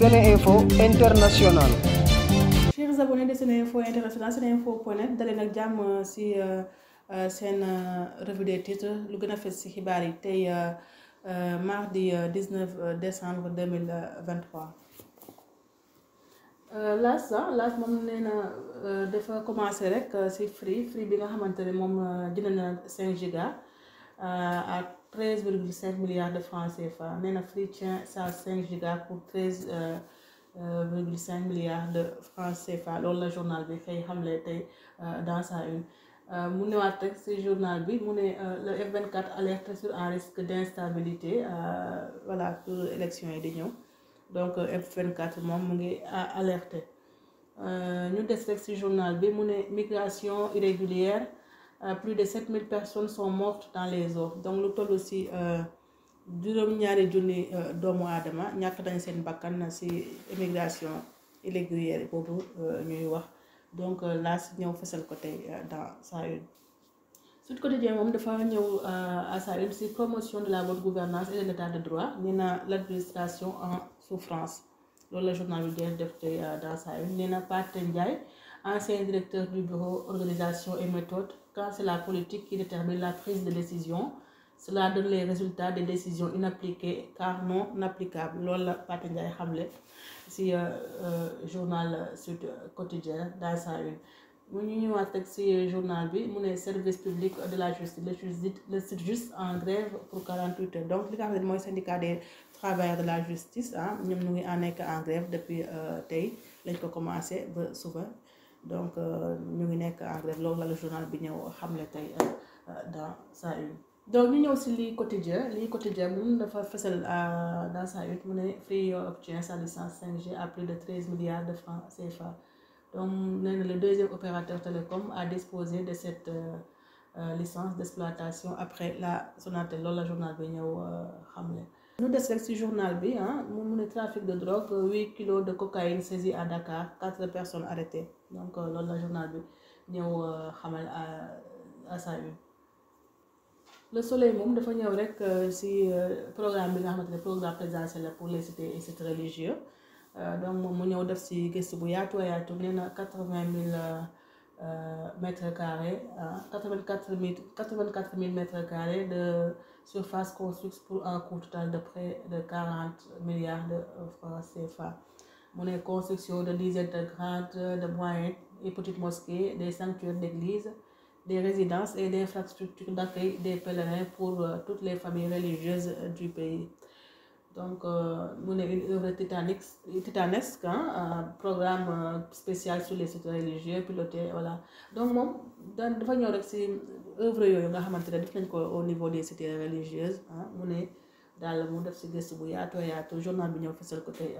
Sénéinfo International. chers abonnés de Sénéinfo International sénéinfo.net dalee nag jàmm si euh, euh, seen euh, revue des lu gën a fes si xibaar yi tey mardi 19 décembre 2023. laas sax ah, laas moom nee na dafa commencé rek si Free Free bi nga xamante ne moom jënd na 5 treize virgule cinq milliards de francs CFA nee na Free sa cinq giga pour treize euh, euh, virgule cinq milliards de francs CFA loolu la journal bi xëy xamle tey euh, dans sa une mu newaat rek ci journal bi mu ne le F24 alerte sur un risque d'instabilité voilà pour élection yi di ñëw donc F24 moom mu ngi alerté ñu des rek ci journal bi mu ne migration irrégulière Euh, plus de 7000 personnes son mortes dans les eaux donc lu tollu si euh, juróom-ñaari euh, doomu aadama ñàkk dañ seen bakkan si immigration irrégulière boobu ñuy wax donc laa si ñëw fesal ko tey dans sa une Sud Quotidien moom dafa ñëw à sa une si promotion de la bonne gouvernance et de l'état de droit nee na l'administration en souffrance loolu la journal bi jeex def tey dans sa une nee na Pathé Ndiaye ancien directeur du bureau organisation et méthode Quand c'est la politique qui détermine la prise de décision, cela donne les résultats des décisions inappliquées car non applicables. loolu la Pathé Ndiaye xamle ci euh, euh, journal Sud Quotidien dans sa une mu ñëwaat rek ci euh, journal bi mu ne service public de la justice le justice le SYTJUST en grève pour 48 heures donc li nga mooy syndicat des travailleurs de la justice ah ñoom ñu ngi en nekk en grève depuis tey lañ ko commencé ba suba. donc euh, ñu ngi nekk en grève loolu la journal bi ñëw xamle tey euh, euh, dans sa une donc ñu ñëw si lii quotidien lii quotidien mun dafa fësal dans sa une mu ne Free obtient sa licence 5G à plus de 13 milliards de francs CFA donc nee na le deuxième opérateur télécom a disposé de cette euh, licence d'exploitation après la sonate loolu la journal bi ñëw xamle ñu des rek ci journal bi ah mu mu ne trafic de drogue huit kilos de cocaïne saisie à Dakar quatre personnes arrêtées donc euh, loolu la journal bi ñëw euh, xamal euh, à sa une soleil moom dafa ñëw rek ci programme bi nga xamante ne programme présidentiel la pour les cités et sites donc moom mu ñëw def ci gëstu bu yaatu a yaatu nee na quatre vingt mille mètres carrés ah quatre vingt quatre mille mètres carrés de. surface construite pour un coût total de près de quarante milliards de francs CFA mu ne construction de dizaines de grandes de moyennes et petites mosquées des sanctuaires d'église des résidences et d'infrastructures d'accueil des pèlerins pour euh, toutes les familles religieuses du pays donc euh, mu ne une œuvre titanique titanesque euh, programme euh, spécial su les secteurs religieux piloté voilà donc moom daan dafa ñëw rek si œuvre yooyu nga xamante ne def nañ ko au niveau des cités religieuses mu ne daal mu def si gëstu bu yaatoo yaatu journal bi ñëw fësal ko tey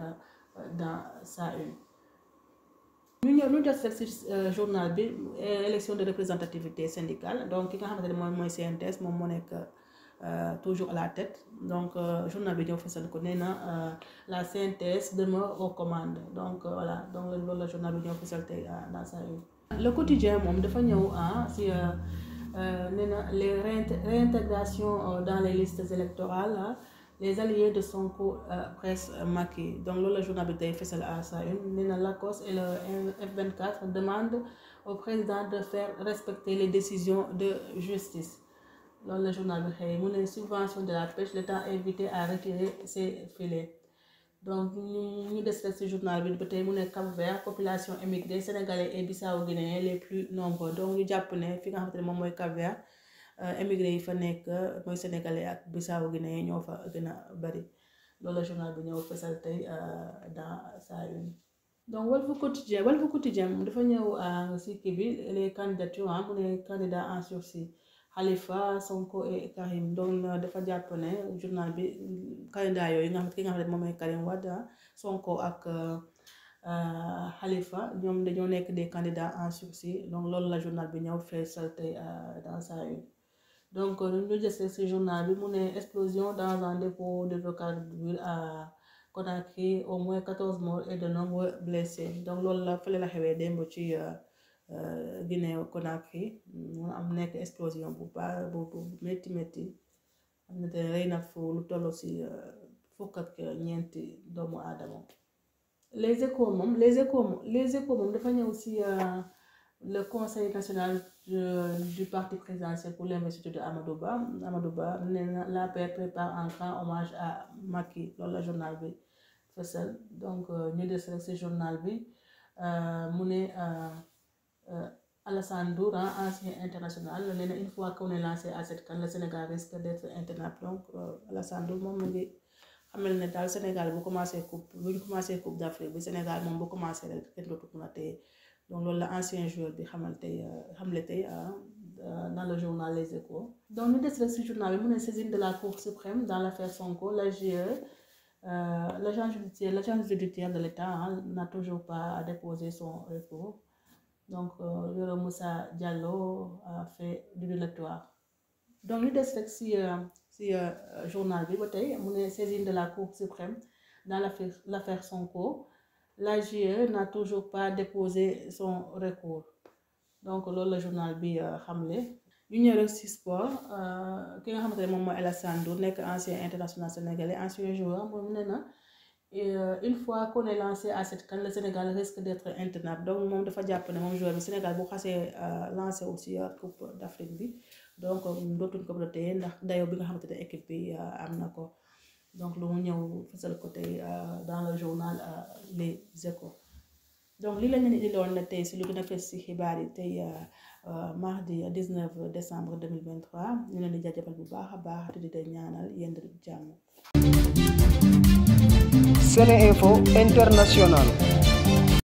dans sa une ñu ñëw ñu jot rek si journal bi élection de représentativité syndicale donc ki nga xamante ne mooy mooy CNTS moom moo nekk Euh, toujours à la tête donc euh, journal bi ñëw fësal ko nee euh, la CNTS demeure aux commandes donc voilà donc loolu la journal bi ñëw fësal dans sa une le quotidien moom dafa ñëw ah si nee na les réintégrations dans les listes électorales ah, les alliés de Sonko presse Macky donc loolu la journal bi tey fësal à sa une nee LACOS et le F24 demandent au président de faire respecter les décisions de justice loolu la journal bi xëy mu ne subvention de la pêche l'État invité à retirer ses filets donc ñu des rek les plus nombreux donc ñu jàpp ne fi nga moom mooy Cap Vert euh, yi fa nekk mooy sénégalais ak bissau-guinéens ñoo fa a bari loolu la journal ñëw fësal tey euh, dans sa une. donc Walf Quotidien Walf Quotidien dafa ñëw si euh, bi les candidatures mu ne candidat en sursis. Halifa Sonko et Karim euh, dafa jàpp ne journal bi candidat yooyu nga xam ki nga xam ne moom mooy Karim Wade Sonko ak xalifa euh, euh, ñoom dañoo nekk des candidats en sursis donc loolu la journal bi ñëw feesal tey dans sa une donc ñu jëse si journal bi mu ne explosion dans un dépôt de hydrocarbures à Conakry au moins quatorze morts et de nombreux blessés donc loolu la fële la xewee démb ci. Guinée Conakry mu am nekk explosion bu baax bu métti métti am na te rey na fu lu tollu ci euh, fukk ak ñeenti doomu aadama les échos moom les échos moom les échos moom dafa ñëw ci euh, le conseil national euh, du parti présidentiel pour l'investiture de Amadou Ba Amadou Ba nee na l'APR prépare un grand hommage à Macky loolu la journal bi fësal donc ñu des rek ci journal bi mu ne Alassane Ndour ancien international nee na une fois qu'on est lancé à cette Sénégal risque d'être intenable donc euh, Alassane moom mu ngi xamal ne daal Sénégal bu commencé coupe bu ñu commencé coupe d'Afrique bi Sénégal moom bu commencé rek kenn dootu ko mën a téye donc loolu la bi xamal tey euh, euh, le journal mu ne saisine de la Cour suprême dans l'affaire Sonko la GIE l'agent judiciaire l'agent judiciaire de l'État n'a toujours pas déposé son recours donc euh, Yoro Moussa Diallo a fait délatoire donc ñu des rek si euh, si euh, journal bi ba tey mu ne saisine de la cour suprême dans l'affaire e n'a toujours pas déposé son recours loolu la journal bi xam ñu ñëw rek si sport ki nga xamante ne moom mooy Alassane nekk ancien international sénégalais ancien joueur moom nee na Et euh, une fois qu'on est lancé à kan la le Sénégal risque d'être intenable. Donc, moom dafa jàpp ne moom joueur bi Sénégal bu xasee euh, lancé aussi euh, Coupe d'Afrique bi donc dootuñ ko bloté ndax dayoo bi nga xamante ne équipe bi am na ko donc lu mu ñëw fësal ko tey dans le journal Les Échos. donc lii la ñu indiloon na tey si lu gën a fës si xibaar yi tey mardi 19 décembre 2023 ñu leen di jaajëfal bu baax a baax te di ñaanal yéen jàmm. SeneInfo International